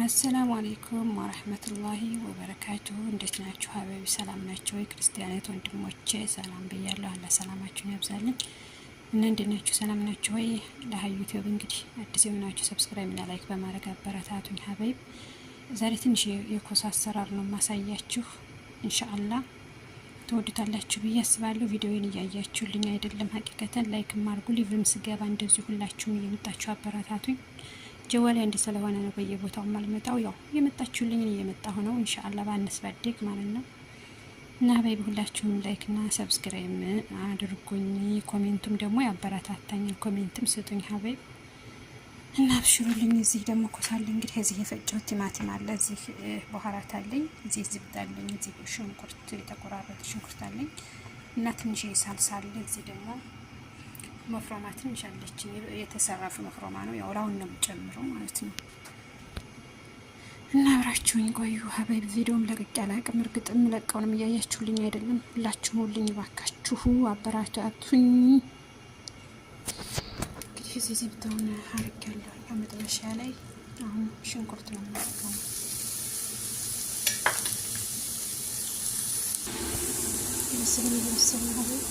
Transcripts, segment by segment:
አሰላሙ አሌይኩም ወረህመቱላሂ ወበረካቱሁ። እንዴት ናችሁ ሀበቢ? ሰላም ናቸው ወይ? ክርስቲያናት ወንድሞቼ ሰላም ብያለሁ። አላ ሰላማችሁን ያብዛልን እና እንዴት ናችሁ? ሰላም ናችሁ ወይ? ለሀዩ ዩቲዩብ እንግዲህ አዲስ የሆናችሁ ሰብስክራይብ እና ላይክ በማድረግ አበረታቱኝ ሀበይብ። ዛሬ ትንሽ የኮስ አሰራር ነው ማሳያችሁ። እንሻአላ ትወዱታላችሁ ብዬ አስባለሁ። ቪዲዮውን እያያችሁልኝ አይደለም? ሀቂቀተን ላይክ ማርጉ። ሊቭም ስገባ እንደዚሁ ሁላችሁም እየመጣችሁ አበረታቱኝ። ጀዋል አንድ ስለሆነ ነው በየቦታው ማልመጣው። ያው የመጣችሁልኝን እየመጣሁ ነው ኢንሻአላ ባነስባድግ ማለት ነው። እና በይ ሁላችሁም ላይክ እና ሰብስክራይብ አድርጉኝ። ኮሜንቱም ደግሞ ያበረታታኛል። ኮሜንትም ስጡኝ ሀበይ እና አብሽሩልኝ። እዚህ ደግሞ ኮሳለ እንግዲህ እዚህ የፈጨው ቲማቲም አለ፣ እዚህ በኋራት አለኝ፣ እዚህ ዝብት እዚህ ሽንኩርት የተቆራረጠ ሽንኩርት አለኝ እና ትንሽ ሳልሳ አለ። እዚህ ደግሞ መፍሮማ ትንሽ አለች የተሰራፈ መፍሮማ ነው። ያው ላውን ነው የምጨምረው ማለት ነው። እና አብራችሁኝ ቆዩ ሀበይብ። ቪዲዮም ለቅቅ ያለ አቅም እርግጥ የምለቀውንም እያያችሁልኝ አይደለም። ሁላችሁም ሁልኝ ባካችሁ አቱኝ እንግዲህ እዚህ ዝብተውን አርግ ያለው ከመጥበሻ ላይ አሁን ሽንኩርት ነው የምናቀሙ ምስል ሚመስል ሀበይብ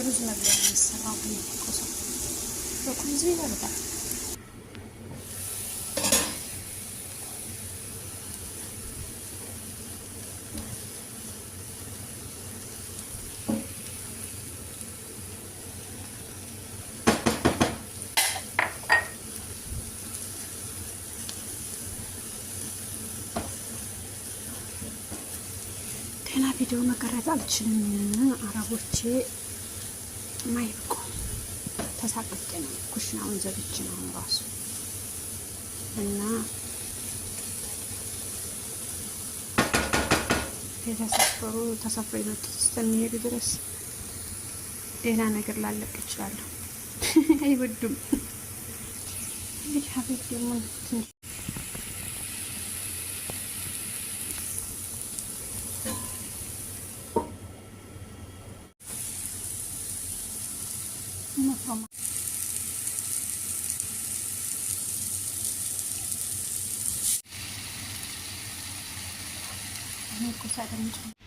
በሩዝ መብያ የሚሰራው ቁሶ በቁርዙ ይበልጣል። ቪዲዮ መቀረጽ አልችልም አረቦቼ ማይብቆ ተሳቅቄ ነው ኩሽናውን ዘግቼ ነው ራሱ እና የተሰፈሩ ተሰፍሮ የመጡት እስከሚሄዱ ድረስ ሌላ ነገር ላለቅ ይችላለሁ። አይወዱም ይህ ሀቤት ደግሞ ትንሽ ይመስላል